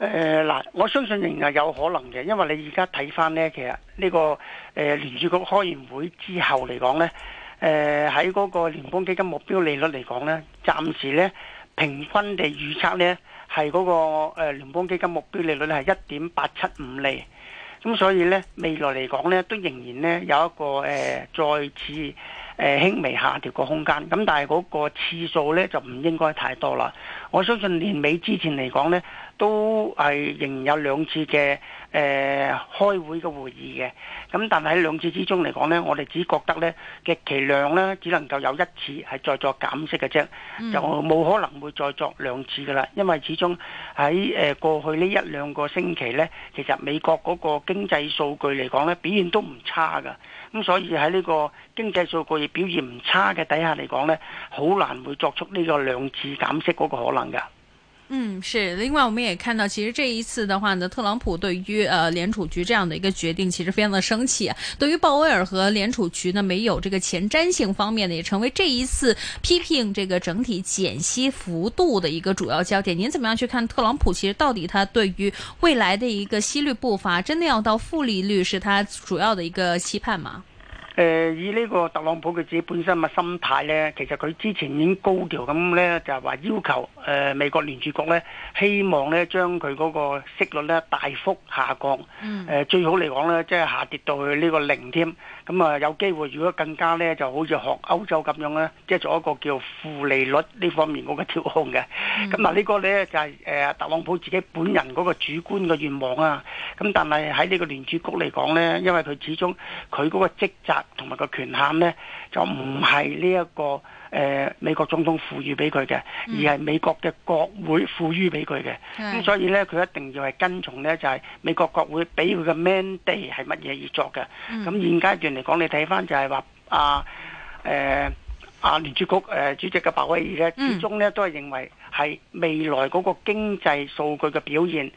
誒嗱、呃，我相信仍然有可能嘅，因為你而家睇翻呢，其實呢個誒聯儲局開完會之後嚟講呢，誒喺嗰個聯邦基金目標利率嚟講呢，暫時呢，平均地預測呢，係嗰個誒聯邦基金目標利率係一點八七五厘。咁所以呢，未來嚟講呢，都仍然呢，有一個誒、呃、再次誒輕、呃、微下調個空間，咁，但係嗰個次數呢，就唔應該太多啦。我相信年尾之前嚟講呢。都係仍然有兩次嘅誒、呃、開會嘅會議嘅，咁但係喺兩次之中嚟講呢，我哋只覺得呢，極其量呢，只能夠有一次係再作減息嘅啫，就冇可能會再作兩次噶啦，因為始終喺過去呢一兩個星期呢，其實美國嗰個經濟數據嚟講呢，表現都唔差噶，咁所以喺呢個經濟數據表現唔差嘅底下嚟講呢，好難會作出呢個兩次減息嗰個可能噶。嗯，是。另外，我們也看到，其實這一次的話呢，特朗普對於呃聯儲局這樣的一個決定，其實非常的生氣。對於鮑威爾和聯儲局呢，沒有這個前瞻性方面呢，也成為這一次批評這個整體減息幅度的一個主要焦點。您怎麼樣去看特朗普？其實到底他對於未來的一個息率步伐，真的要到負利率是他主要的一個期盼嗎？誒、呃，以呢個特朗普佢自己本身嘅心態呢，其實佢之前已經高調咁呢，就係話要求。誒、呃、美國聯儲局咧，希望咧將佢嗰個息率咧大幅下降，誒、嗯呃、最好嚟講咧，即係下跌到去呢個零添。咁啊，有機會如果更加咧，就好似學歐洲咁樣咧，即係做一個叫負利率呢方面嗰個調控嘅。咁啊、嗯，這個呢個咧就係、是、誒、呃、特朗普自己本人嗰個主觀嘅願望啊。咁但係喺呢個聯儲局嚟講咧，因為佢始終佢嗰個職責同埋個權限咧，就唔係呢一個。誒、呃、美國總統賦予俾佢嘅，而係美國嘅國會賦予俾佢嘅。咁、嗯、所以咧，佢一定要係跟從咧，就係美國國會俾佢嘅 mandate 係乜嘢而作嘅。咁、嗯、現階段嚟講你看看，啊，你睇翻就係話阿誒阿聯儲局，啊，主席嘅白話儀，呢始終咧都係認為係未來嗰個經濟數據嘅表現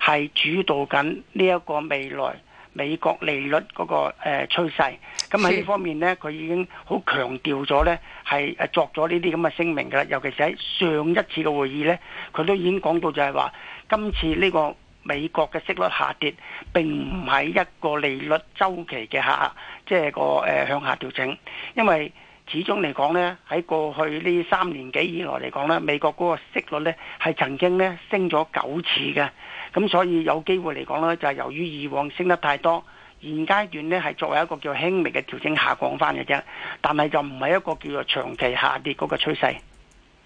係主導緊呢一個未來美國利率嗰個誒趨勢，咁喺呢方面呢，佢已經好強調咗呢係作咗呢啲咁嘅聲明㗎啦。尤其是喺上一次嘅會議呢，佢都已經講到就係話，今次呢個美國嘅息率下跌並唔係一個利率周期嘅下，即係個誒、呃、向下調整，因為始終嚟講呢，喺過去呢三年幾以來嚟講呢，美國嗰個息率呢係曾經呢升咗九次嘅。咁所以有機會嚟講啦，就係由於以往升得太多，現階段呢係作為一個叫輕微嘅調整下降返嘅啫，但係就唔係一個叫做長期下跌嗰個趨勢。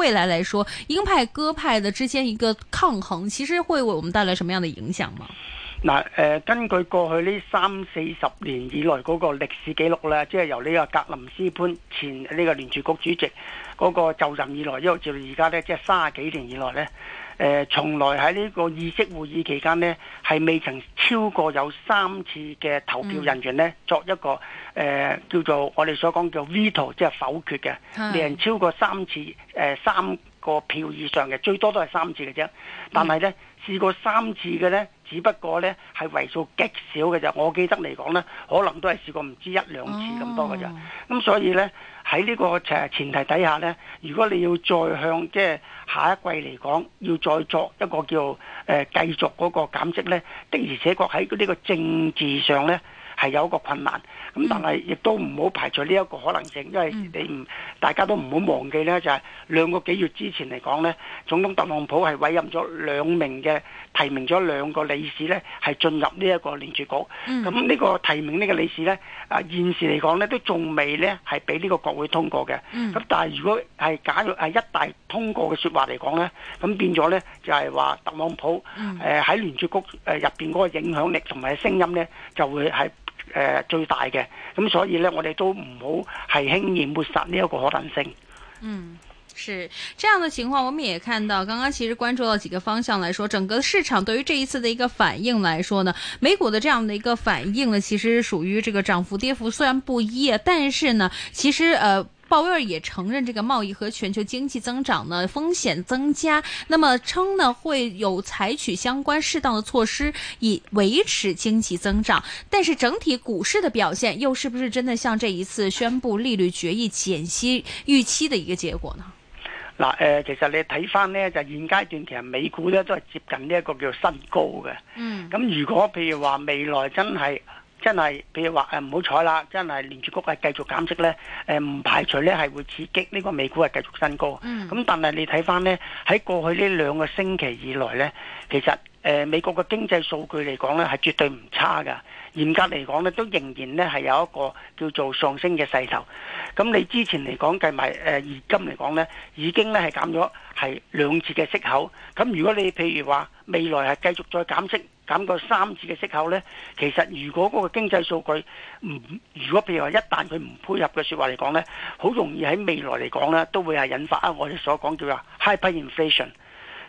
未來來說，鷹派鴿派的之間一個抗衡，其實會為我們帶來什麼樣的影響嗎？嗱，誒，根據過去呢三四十年以來嗰個歷史記錄咧，即係由呢個格林斯潘前呢個聯儲局主席嗰個就任以來，一直到而家咧，即係三十幾年以來咧。誒，從來喺呢個議息會議期間呢，係未曾超過有三次嘅投票人員呢，作一個誒、呃、叫做我哋所講叫 veto，即係否決嘅，未人超過三次誒、呃、三個票以上嘅，最多都係三次嘅啫。但係呢，嗯、試過三次嘅呢，只不過呢係為數極少嘅啫。我記得嚟講呢，可能都係試過唔知一兩次咁多嘅啫。咁、哦、所以呢。喺呢個前提底下呢，如果你要再向即係、就是、下一季嚟講，要再作一個叫誒繼續嗰個減息呢，的而且確喺呢個政治上呢，係有一個困難。咁、嗯、但係亦都唔好排除呢一個可能性，因為你唔、嗯、大家都唔好忘記咧，就係、是、兩個幾月之前嚟講咧，總統特朗普係委任咗兩名嘅提名咗兩個理事咧，係進入呢一個聯儲局。咁呢、嗯、個提名呢個理事咧，啊現時嚟講咧都仲未咧係俾呢個國會通過嘅。咁、嗯、但係如果係假如一旦通過嘅、就是、說話嚟講咧，咁變咗咧就係話特朗普喺聯儲局入面嗰個影響力同埋聲音咧就會係。最大嘅，咁所以呢，我哋都唔好係輕易抹殺呢一個可能性。嗯，是這樣的情況，我們也看到，剛剛其實關注到幾個方向來說，整個市場對於這一次的一個反應來說呢，美股的這樣的一個反應呢，其實屬於這個漲幅跌幅雖然不一，但是呢，其實誒，呃鮑威爾也承認，這個貿易和全球經濟增長呢，風險增加，那麼稱呢會有採取相關適當的措施以維持經濟增長。但是整體股市的表現又是不是真的像這一次宣布利率決議減息預期的一個結果呢？嗱，誒，其實你睇翻呢，就現階段其實美股呢都係接近呢一個叫新高嘅。嗯。咁如果譬如話未來真係，真係，譬如話唔好彩啦，真係連住谷係繼續減息咧，唔排除咧係會刺激呢個美股係繼續新高。咁、嗯、但係你睇翻呢，喺過去呢兩個星期以來呢，其實美國嘅經濟數據嚟講呢，係絕對唔差噶，嚴格嚟講呢，都仍然呢係有一個叫做上升嘅勢頭。咁你之前嚟講計埋誒現金嚟講呢，已經呢係減咗係兩次嘅息口。咁如果你譬如話未來係繼續再減息。減過三次嘅息口呢，其實如果嗰個經濟數據唔，如果譬如話一旦佢唔配合嘅説話嚟講呢，好容易喺未來嚟講呢，都會係引發啊我哋所講叫做 hyperinflation。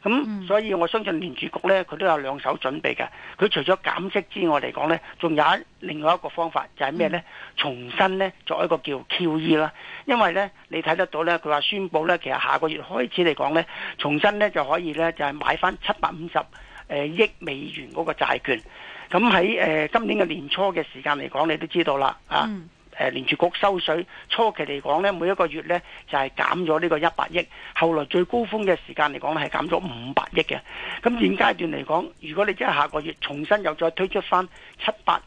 咁、嗯、所以我相信聯儲局呢，佢都有兩手準備嘅。佢除咗減息之外嚟講呢，仲有一另外一個方法就係、是、咩呢？嗯、重新呢，作一個叫 QE 啦。因為呢，你睇得到呢，佢話宣布呢，其實下個月開始嚟講呢，重新呢就可以呢，就係、是、買翻七百五十。誒、呃、億美元嗰個債券，咁喺誒今年嘅年初嘅時間嚟講，你都知道啦，啊，誒聯儲局收水初期嚟講呢，每一個月呢，就係、是、減咗呢個一百億，後來最高峰嘅時間嚟講咧係減咗五百億嘅，咁現階段嚟講，如果你即係下個月重新又再推出返七百，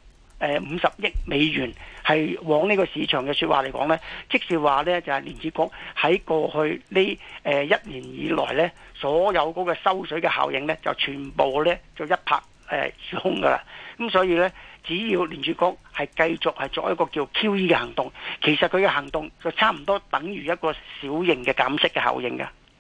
誒五十億美元係往呢個市場嘅説話嚟講呢，即是話呢，就係聯儲局喺過去呢誒一年以來呢，所有嗰個收水嘅效應呢，就全部呢，就一拍誒而空㗎啦。咁所以呢，只要聯儲局係繼續係作一個叫 QE 嘅行動，其實佢嘅行動就差唔多等於一個小型嘅減息嘅效應㗎。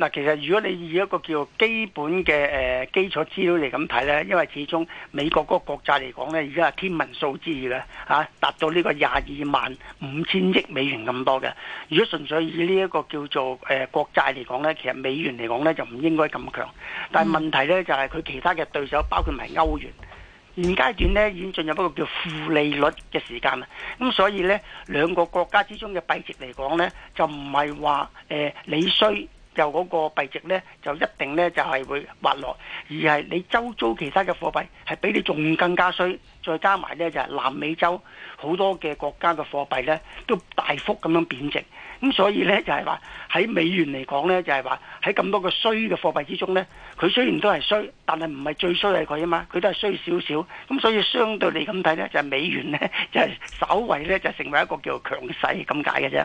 嗱，其實如果你以一個叫基本嘅誒基礎資料嚟咁睇呢，因為始終美國嗰個國債嚟講呢，而家係天文數字嘅嚇，達到呢個廿二萬五千億美元咁多嘅。如果純粹以呢一個叫做誒國債嚟講呢，其實美元嚟講呢，就唔應該咁強。但係問題呢，就係佢其他嘅對手包括埋歐元，現階段呢已經進入一個叫負利率嘅時間啦。咁所以呢，兩個國家之中嘅幣值嚟講呢，就唔係話誒你衰。就嗰個幣值呢，就一定呢，就係會滑落，而係你周遭其他嘅貨幣係比你仲更加衰，再加埋呢，就係南美洲好多嘅國家嘅貨幣呢，都大幅咁樣貶值，咁所以呢，就係話喺美元嚟講呢，就係話喺咁多個衰嘅貨幣之中呢，佢雖然都係衰，但係唔係最衰係佢啊嘛，佢都係衰少少，咁所以相對嚟咁睇呢，就係美元呢，就係稍微呢，就成為一個叫強勢咁解嘅啫。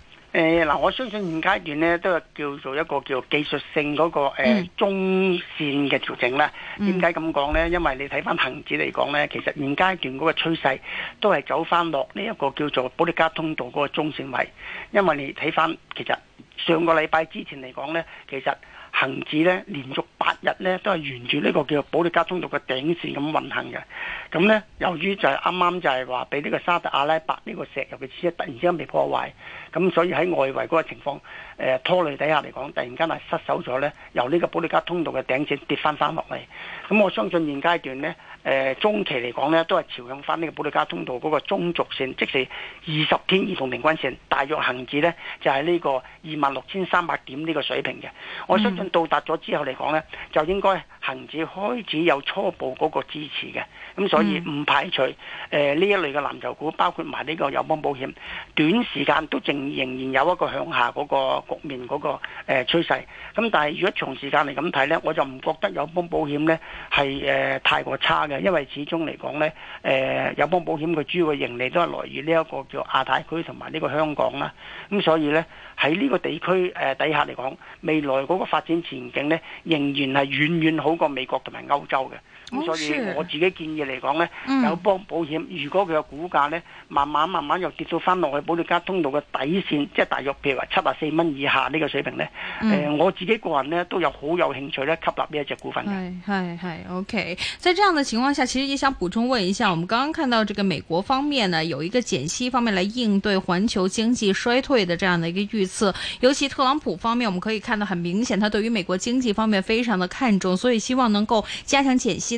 誒，嗱、呃，我相信現階段呢，都係叫做一個叫做技術性嗰、那個誒、嗯、中線嘅調整啦。點解咁講呢？因為你睇翻恒指嚟講呢，其實現階段嗰個趨勢都係走翻落呢一個叫做保利加通道嗰個中線位。因為你睇翻，其實上個禮拜之前嚟講呢，其實恒指呢，連續八日呢都係沿住呢個叫做保利加通道嘅頂線咁運行嘅。咁呢，由於就係啱啱就係話俾呢個沙特阿拉伯呢個石油嘅設施突然之間被破壞。咁所以喺外圍嗰個情況，誒、呃、拖累底下嚟講，突然間係失守咗咧，由呢個保利加通道嘅頂線跌翻翻落嚟。咁我相信現階段呢，誒、呃、中期嚟講咧，都係朝向翻呢個保利加通道嗰個中軸線，即係二十天移動平均線，大約行至呢就係、是、呢個二萬六千三百點呢個水平嘅。我相信到達咗之後嚟講咧，就應該，恒指開始有初步嗰個支持嘅，咁所以唔排除誒呢、嗯、一類嘅藍籌股，包括埋呢個友邦保險，短時間都仲仍然有一個向下嗰個局面嗰個誒趨勢。咁但係如果長時間嚟咁睇呢，我就唔覺得友邦保險呢係誒、呃、太過差嘅，因為始終嚟講呢，誒友邦保險佢主要嘅盈利都係來自呢一個叫亞太區同埋呢個香港啦，咁所以呢。喺呢個地區誒底下嚟講未來嗰個發展前景咧仍然係遠遠好過美國同埋歐洲嘅。咁所以我自己建議嚟講咧，oh, sure. 友邦保險、嗯、如果佢嘅股價咧，慢慢慢慢又跌到翻落去保利加通道嘅底線，即、就、係、是、大約譬如話七十四蚊以下呢個水平咧，誒、嗯呃、我自己個人咧都有好有興趣咧，吸納呢一隻股份嘅。係係、hey, hey, hey, OK，在這樣的情況下，其實也想補充問一下，我們剛剛看到這個美國方面呢，有一個減息方面來應對環球經濟衰退的這樣的一個預測，尤其特朗普方面，我們可以看到很明顯，他對於美國經濟方面非常的看重，所以希望能夠加強減息。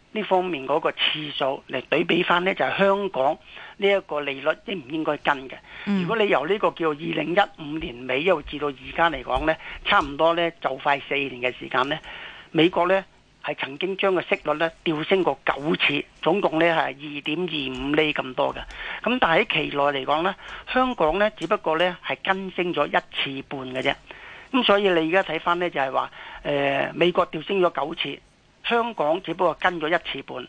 呢方面嗰個次數嚟對比翻，呢就係香港呢一個利率應唔應該跟嘅？嗯、如果你由呢個叫二零一五年尾，又至到而家嚟講呢，差唔多呢就快四年嘅時間呢，美國呢係曾經將個息率呢調升過九次，總共呢係二點二五厘咁多嘅。咁但係喺期內嚟講呢，香港呢只不過呢係跟升咗一次半嘅啫。咁所以你而家睇翻呢，就係話，誒美國調升咗九次，香港只不過跟咗一次半，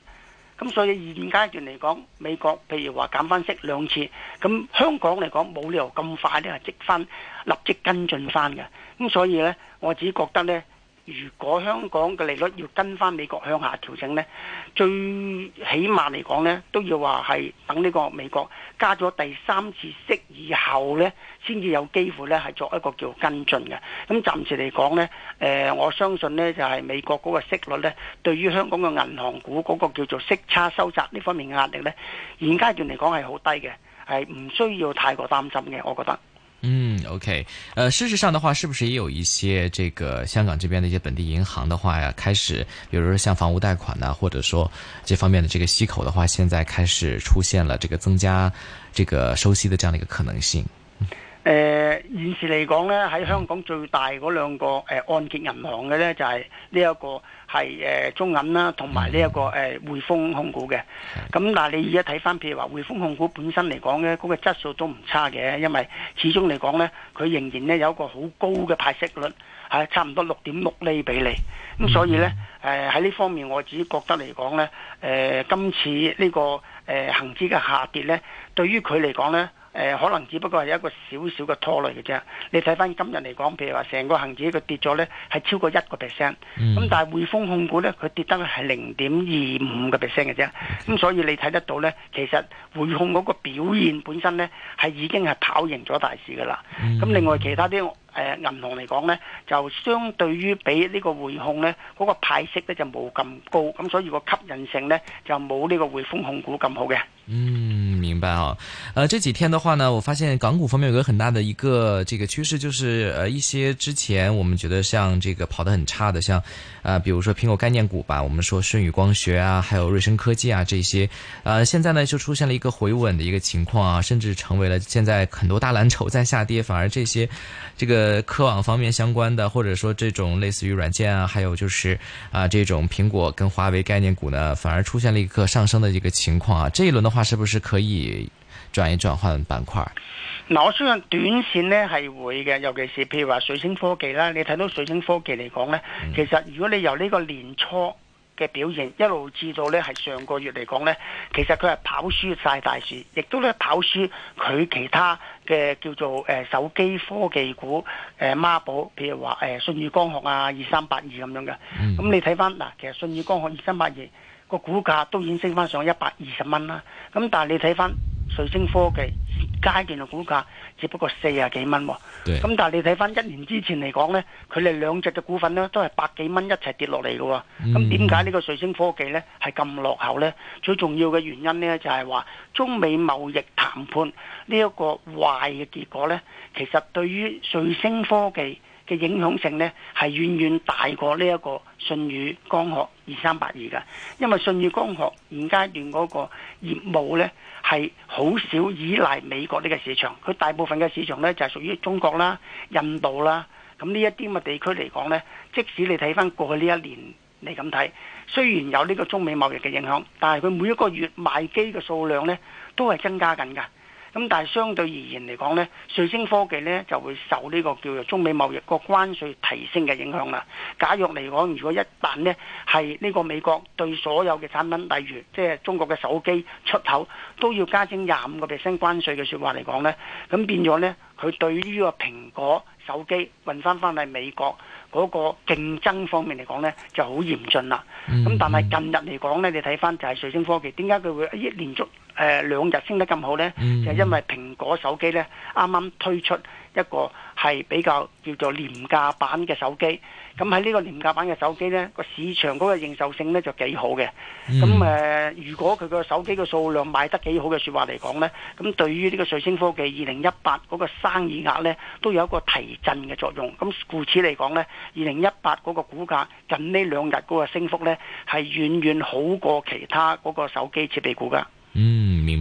咁所以現階段嚟講，美國譬如話減返息兩次，咁香港嚟講冇理由咁快咧，立即跟進，咁所以呢，我只覺得呢。如果香港嘅利率要跟翻美國向下調整呢，最起碼嚟講呢都要話係等呢個美國加咗第三次息以後呢先至有機會呢係作一個叫跟進嘅。咁暫時嚟講呢、呃、我相信呢就係、是、美國嗰個息率呢對於香港嘅銀行股嗰個叫做息差收窄呢方面嘅壓力呢現階段嚟講係好低嘅，係唔需要太過擔心嘅，我覺得。嗯，OK，呃，事實上的話，是不是也有一些這個香港這邊的一些本地銀行的話呀，開始，比如說像房屋貸款啊，或者說這方面的這個息口的話，現在開始出現了這個增加這個收息的這樣的一個可能性。呃，現時嚟講呢，喺香港最大嗰兩個誒按揭銀行嘅呢，就係呢一個。係誒、呃、中銀啦，同埋呢一個誒匯豐控股嘅。咁但係，你而家睇翻譬如話匯豐控股本身嚟講呢，嗰個質素都唔差嘅，因為始終嚟講呢，佢仍然呢有一個好高嘅派息率，係、嗯啊、差唔多六點六厘比例。咁所以呢，誒喺呢方面，我自己覺得嚟講呢誒、呃、今次呢、呢個誒恆指嘅下跌呢，對於佢嚟講呢。誒、呃、可能只不過係一個少少嘅拖累嘅啫。你睇翻今日嚟講，譬如話成個恆指佢跌咗咧，係超過一個 percent。咁、嗯、但係匯豐控股咧，佢跌得係零點二五個 percent 嘅啫。咁所以你睇得到咧，其實匯控嗰個表現本身咧，係已經係跑贏咗大市噶啦。咁、嗯、另外其他啲。誒銀行嚟講呢，就相對於比呢個匯控呢，嗰個派息呢，就冇咁高，咁所以個吸引性呢，就冇呢個匯豐控股咁好嘅。嗯，明白啊。呃，這幾天的話呢，我發現港股方面有一個很大的一個這個趨勢，就是呃一些之前我們覺得像這個跑得很差的，像啊、呃，比如說蘋果概念股吧，我們說舜宇光學啊，還有瑞聲科技啊這些，呃，現在呢就出現了一個回穩的一個情況啊，甚至成為了現在很多大藍籌在下跌，反而這些這個。呃，科網方面相關的，或者說這種類似於軟件啊，還有就是啊，這種蘋果跟華為概念股呢，反而出現了一個上升的一個情況啊。這一輪的話，是不是可以轉一轉換板塊？那我相信短線呢係會嘅，尤其是譬如話水星科技啦，你睇到水星科技嚟講呢，其實如果你由呢個年初嘅表現一路至到呢，係上個月嚟講呢，其實佢係跑輸晒大市，亦都咧跑輸佢其他。嘅叫做誒、呃、手機科技股誒孖寶，譬如話誒、呃、舜宇光學啊、二三八二咁樣嘅，咁、嗯、你睇翻嗱，其實舜宇光學二三八二個股價都已經升翻上一百二十蚊啦，咁但係你睇翻。瑞星科技而家嘅股價只不過四啊幾蚊，咁但係你睇翻一年之前嚟講呢，佢哋兩隻嘅股份呢都係百幾蚊一齊跌落嚟嘅，咁點解呢個瑞星科技呢係咁落後呢？最重要嘅原因呢，就係話中美貿易談判呢一個壞嘅結果呢，其實對於瑞星科技。嘅影響性呢係遠遠大過呢一個舜宇光學二三八二噶，因為舜宇光學現階段嗰個業務呢係好少依賴美國呢個市場，佢大部分嘅市場呢就係、是、屬於中國啦、印度啦，咁呢一啲咁嘅地區嚟講呢，即使你睇翻過去呢一年嚟咁睇，雖然有呢個中美貿易嘅影響，但係佢每一個月賣機嘅數量呢都係增加緊噶。咁但係相對而言嚟講呢，瑞星科技呢就會受呢個叫做中美貿易個關稅提升嘅影響啦。假若嚟講，如果一旦呢係呢個美國對所有嘅產品，例如即係中國嘅手機出口都要加徵廿五個 percent 關稅嘅說話嚟講呢，咁變咗呢，佢對於個蘋果手機運翻翻嚟美國嗰個競爭方面嚟講呢，就好嚴峻啦。咁、嗯嗯、但係近日嚟講呢，你睇翻就係瑞星科技點解佢會一連續？誒，兩日、呃、升得咁好呢，就係、因為蘋果手機呢啱啱，推出一個係比較叫做廉價版嘅手機，咁喺呢個廉價版嘅手機呢，個市場嗰個認受性呢就幾好嘅。咁誒、呃，如果佢個手機嘅數量賣得幾好嘅說話嚟講呢，咁對於呢個瑞聲科技二零一八嗰個生意額呢，都有一個提振嘅作用。咁故此嚟講呢，二零一八嗰個股價近呢兩日嗰個升幅呢，係遠遠好過其他嗰個手機設備股價。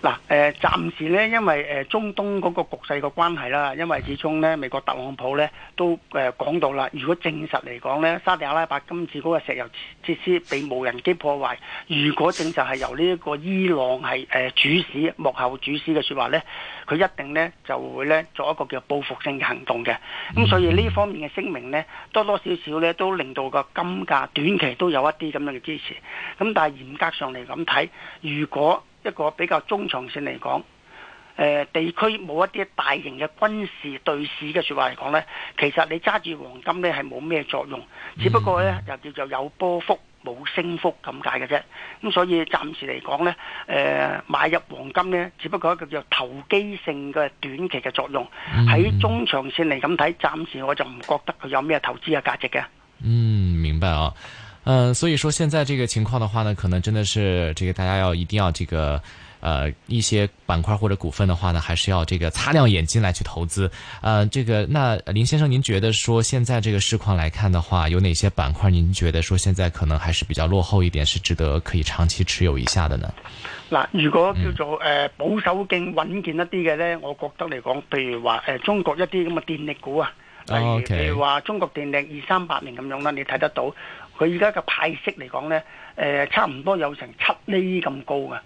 嗱、呃，暫時呢，因為、呃、中東嗰個局勢個關係啦，因為始終呢美國特朗普呢都、呃、講到啦，如果證實嚟講呢沙地阿拉伯今次嗰個石油設施被無人機破壞，如果證實係由呢一個伊朗係、呃、主使幕後主使嘅說話呢，佢一定呢就會呢做一個叫報復性嘅行動嘅。咁所以呢方面嘅聲明呢，多多少少呢都令到個金價短期都有一啲咁樣嘅支持。咁但係嚴格上嚟咁睇，如果一個比較中長線嚟講，誒、呃，地區冇一啲大型嘅軍事對峙嘅說話嚟講呢，其實你揸住黃金呢係冇咩作用，只不過呢、嗯、就叫做有波幅冇升幅咁解嘅啫。咁、嗯、所以暫時嚟講呢，誒、呃，買入黃金呢只不過一個叫投機性嘅短期嘅作用，喺、嗯、中長線嚟咁睇，暫時我就唔覺得佢有咩投資嘅價值嘅。嗯，明白啊、哦。嗯，所以說現在這個情況的話呢，可能真的是這個大家要一定要這個，呃，一些板塊或者股份的話呢，還是要這個擦亮眼睛來去投資。呃，這個那林先生，您覺得說現在這個市況來看的話，有哪些板塊您覺得說現在可能還是比較落後一點，是值得可以長期持有一下的呢？嗱，如果叫做呃保守、勁穩健一啲嘅呢，嗯、我覺得嚟講，譬如話誒、呃、中國一啲咁嘅電力股啊，Okay. 例如譬如話中國電力二三八零咁樣啦，你睇得到。佢而家嘅派息嚟講呢，誒差唔多有成七厘咁高嘅，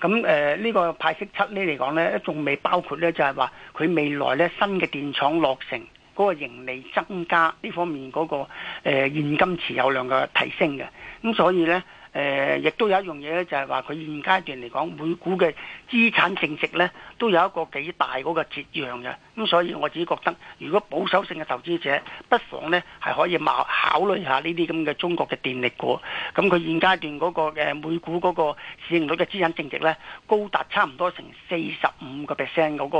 咁誒呢個派息七厘嚟講呢，仲未包括呢，就係話佢未來呢新嘅電廠落成嗰個盈利增加呢方面嗰個誒現金持有量嘅提升嘅，咁所以呢。誒，亦、呃、都有一樣嘢咧，就係話佢現階段嚟講，每股嘅資產淨值咧，都有一個幾大嗰個折讓嘅。咁所以我自己覺得，如果保守性嘅投資者，不妨呢係可以考考慮下呢啲咁嘅中國嘅電力股。咁佢現階段嗰、那個、呃、每股嗰個市盈率嘅資產淨值咧，高達差唔多成四十五個 percent 嗰個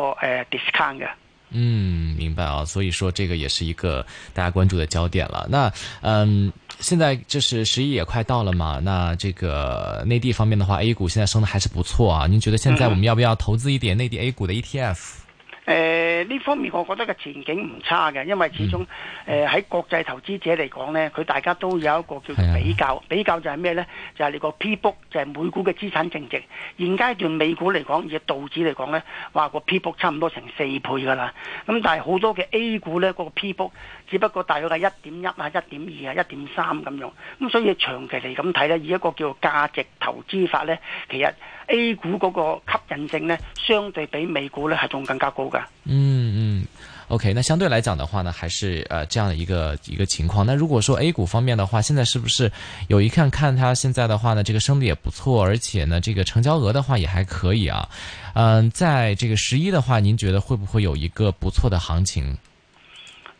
discount 嘅。嗯，明白啊、哦。所以說，這個也是一個大家關注嘅焦點啦。那嗯。現在就是十一也快到了嘛，那這個內地方面的話，A 股現在升得還是不錯啊。您覺得現在我們要不要投資一點內地 A 股的 ETF？誒、嗯，呢、呃、方面我覺得個前景唔差嘅，因為始終誒喺、嗯呃、國際投資者嚟講呢，佢大家都有一個叫比較，哎、呀比較就係咩呢？就係、是、你個 P book 就係每股嘅資產淨值。現階段美股嚟講，以道指嚟講呢，話個 P book 差唔多成四倍噶啦。咁但係好多嘅 A 股呢，嗰、那個 P book。只不過大約係一點一啊、一點二啊、一點三咁樣，咁所以長期嚟咁睇咧，以一個叫價值投資法咧，其實 A 股嗰個吸引力咧，相對比美股咧係仲更加高噶、嗯。嗯嗯，OK，那相對來講的話呢，還是誒、呃、這樣一個一個情況。那如果說 A 股方面的話，現在是不是有一看看？它現在的話呢，這個升得也不錯，而且呢，這個成交額的話也還可以啊。嗯、呃，在這個十一的話，您覺得會不會有一個不錯的行情？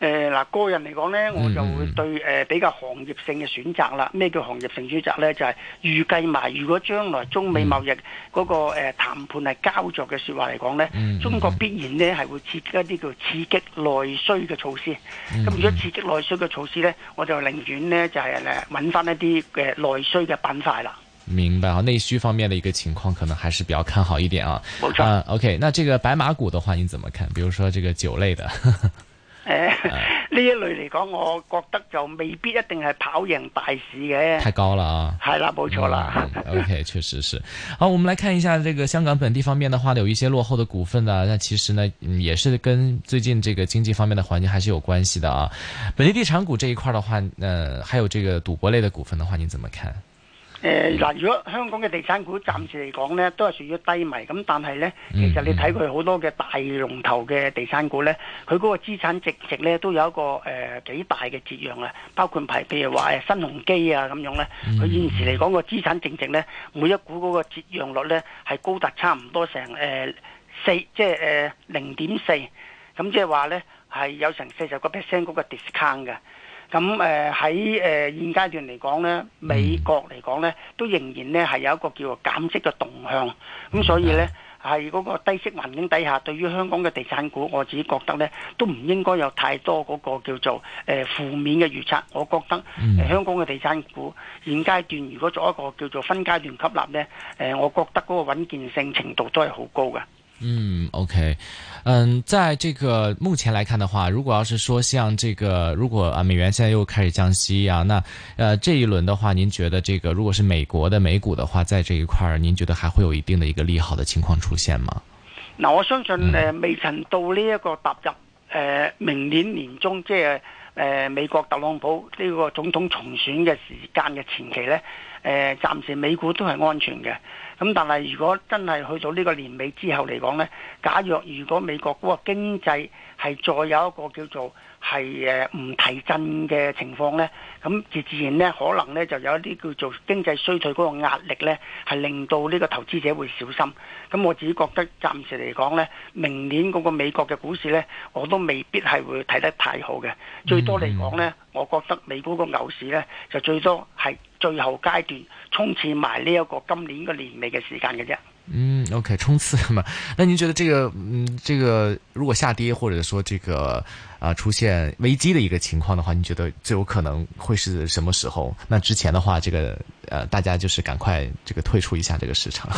誒，嗱、呃、個人嚟講呢，我就會對誒、呃、比較行業性嘅選擇啦。咩叫行業性選擇呢？就係、是、預計埋如果將來中美貿易嗰、那個誒、嗯呃、談判係膠著嘅說話嚟講呢，嗯、中國必然咧係會刺激一啲叫刺激內需嘅措施。咁、嗯、如果刺激內需嘅措施呢，我就寧願呢就係咧揾翻一啲嘅內需嘅板塊啦。明白啊，內需方面嘅一個情況可能還是比較看好一點啊。冇錯、啊。OK，那這個白馬股的話你怎麼看？比如說這個酒類的。呵呵呢、哎、一類嚟講，我覺得就未必一定係跑贏大市嘅。太高啦、啊！係啦，冇錯啦。嗯嗯、O、okay, K，確實是。好，我們來看一下這個香港本地方面的話，有一些落後的股份呢、啊，那其實呢，也是跟最近這個經濟方面的環境還是有關係的啊。本地地產股這一塊的話，呃，還有這個賭博類的股份的話，你怎麼看？誒嗱、嗯呃，如果香港嘅地產股暫時嚟講咧，都係屬於低迷咁，但係咧，其實你睇佢好多嘅大龍頭嘅地產股咧，佢嗰、嗯嗯、個資產淨值咧，都有一個誒、呃、幾大嘅折讓啦。包括排譬如話誒、呃、新鴻基啊咁樣咧，佢、嗯、現時嚟講、個資產淨值咧，每一股嗰個折讓率咧係高達差唔多成誒四，呃、4，即係誒零點四，咁即係話咧係有成四十、個 percent 嗰個 discount 㗎。咁誒喺誒現階段嚟講咧，美國嚟講咧，都仍然咧係有一個叫做減息嘅動向，咁所以咧係嗰個低息環境底下，對於香港嘅地產股，我自己覺得咧都唔應該有太多嗰個叫做誒、呃、負面嘅預測。我覺得香港嘅地產股現階段如果做一個叫做分階段吸納咧、呃，我覺得嗰個穩健性程度都係好高嘅。嗯，OK，嗯，在這個目前來看的話，如果要是說像這個，如果啊美元現在又開始降息啊，那，呃，這一輪的話，您覺得這個如果是美國的美股的話，在這一塊兒，您覺得還會有一定的一個利好的情況出現嗎？那我相信誒，未、嗯呃、曾到呢一個踏入誒明年年中，即係誒、呃、美國特朗普呢個總統重選嘅時間嘅前期呢，誒、呃，暫時美股都係安全嘅。咁但係如果真係去到呢個年尾之後嚟講呢，假若如果美國嗰個經濟係再有一個叫做係誒唔提振嘅情況呢，咁就自然呢可能呢就有一啲叫做經濟衰退嗰個壓力呢，係令到呢個投資者會小心。咁我自己覺得暫時嚟講呢，明年嗰個美國嘅股市呢，我都未必係會睇得太好嘅。最多嚟講呢，我覺得美股個牛市呢，就最多係，最後階段衝刺埋呢一個今年個年尾嘅時間嘅啫。嗯，OK，衝刺嘛。那您覺得這個嗯，這個如果下跌，或者說這個啊、呃、出現危機的一個情況嘅話，你覺得最有可能會是什麼時候？那之前嘅話，這個呃大家就是趕快這個退出一下這個市場。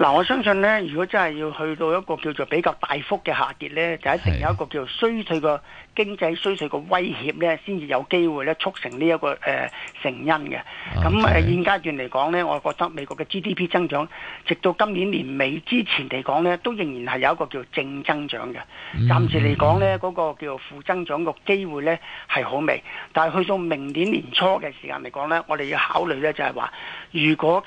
嗱，我相信咧，如果真係要去到一個叫做比較大幅嘅下跌咧，就一定有一個叫做衰退，個經濟衰退個威脅咧，先至有機會咧促成呢一個誒成因嘅。咁、啊、現階段嚟講咧，我覺得美國嘅 GDP 增長直到今年年尾之前嚟講咧，都仍然係有一個叫做正增長嘅。暫時嚟講咧，嗰個叫做負增長個機會咧係好微，但係去到明年年初嘅時間嚟講咧，我哋要考慮咧就係話，如果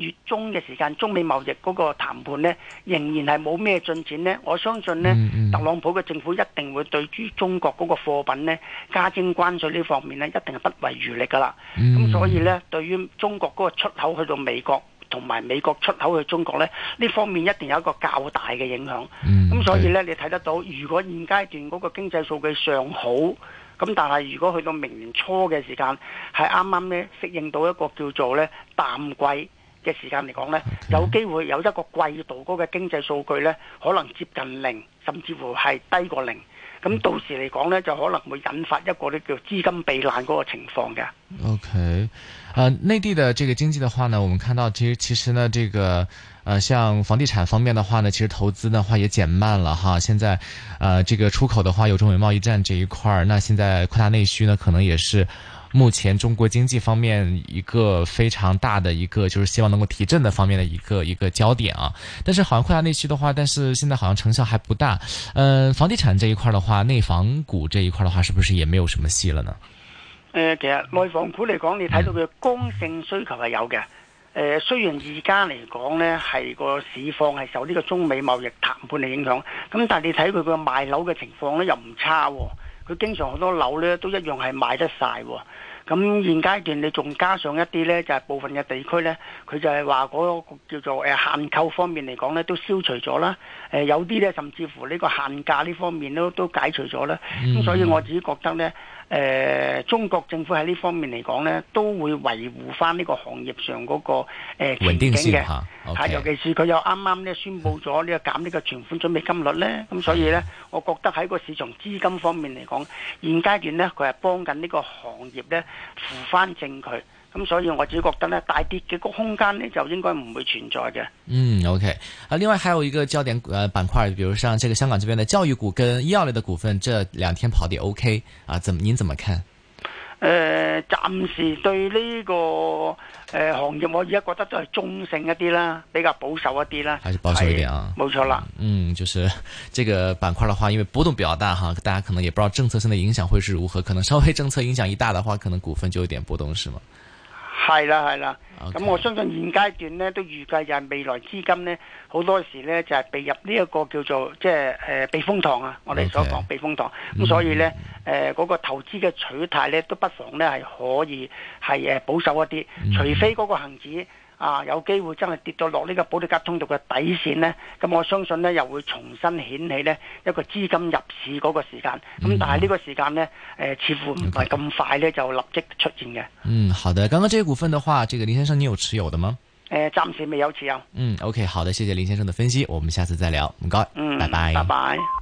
月中嘅時間，中美貿易嗰個談判咧，仍然係冇咩進展咧。我相信咧，嗯嗯、特朗普嘅政府一定會對於中國嗰個貨品咧加徵關稅呢方面咧，一定係不遺餘力噶啦。咁、嗯、所以咧，對於中國嗰個出口去到美國同埋美國出口去中國咧，呢方面一定有一個較大嘅影響，咁、嗯、所以咧，的你睇得到，如果現階段嗰個經濟數據尚好，咁但係如果去到明年初嘅時間，係啱啱咧適應到一個叫做咧淡季。嘅時間嚟講呢，Okay. 有機會有一個季度嗰個經濟數據呢，可能接近零，甚至乎係低過零。咁到時嚟講呢，就可能會引發一個呢叫資金避難嗰個情況嘅。OK，呃，內地的這個經濟的話呢，我們看到其實其實呢，這個呃，像房地產方面的話呢，其實投資的話也減慢了哈。現在呃，這個出口的話有中美貿易戰這一塊，那現在擴大內需呢，可能也是。目前中國經濟方面一個非常大的一個就是希望能夠提振的方面的一個一個焦點啊，但是好像擴大內需的話，但是現在好像成效還不大。嗯，房地產這一塊的話，內房股這一塊的話，是不是也沒有什麼戲了呢？誒、呃，其實內房股嚟講，你睇到佢嘅剛性需求係有嘅。誒、嗯呃，雖然而家嚟講呢，係個市況係受呢個中美貿易談判嘅影響，咁但係你睇佢個賣樓嘅情況呢，哦，又唔差。佢經常好多樓咧都一樣係賣得晒喎，咁現階段你仲加上一啲咧，就係、是、部分嘅地區咧，佢就係話嗰個叫做誒限購方面嚟講咧，都消除咗啦。誒有啲咧，甚至乎呢個限價呢方面都都解除咗啦。咁、嗯、所以我自己覺得咧。誒、呃，中國政府喺呢方面嚟講呢，都會維護翻呢個行業上嗰個誒穩定性嘅。嚇、呃，啊啊、尤其是佢又啱啱呢宣布咗呢個減呢個存款準備金率呢。咁是所以呢，我覺得喺個市場資金方面嚟講，現階段呢，佢係幫緊呢個行業呢，扶翻正佢。咁所以我只覺得呢大跌嘅個空間呢，就應該唔會存在嘅。嗯，OK。啊，另外還有一個焦點呃板塊，比如像這個香港這邊的教育股跟醫藥類的股份，這兩天跑得 OK 啊？怎麼您怎麼看？呃暫時對呢、這個、呃、行業，我而家覺得都係中性一啲啦，比較保守一啲啦，還是保守一點啊？冇錯啦、嗯。嗯，就是這個板塊的話，因為波動比較大哈，大家可能也不知道政策上的影響會是如何，可能稍微政策影響一大的話，可能股份就有點波動，是嗎？係啦，係啦。咁 Okay. 我相信現階段咧，都預計就係未來資金咧，好多時咧就係、是、被入呢一個叫做即係誒避風塘啊。我哋所講避風塘咁，Okay. 所以咧誒嗰個投資嘅取態咧，都不妨咧係可以係誒保守一啲，mm hmm. 除非嗰個恒指，啊，有機會真係跌到落呢個保力加通道嘅底線呢？咁我相信呢，又會重新掀起呢一個資金入市嗰個時間。咁、嗯嗯、但係呢個時間呢，誒、呃、似乎唔係咁快呢就立即出現嘅。嗯，好的。剛剛這個股份的話，這個林先生你有持有的嗎？誒、呃，暫時未有持有。嗯，OK，好的，謝謝林先生嘅分析，我們下次再聊，唔該，嗯，拜拜，拜拜。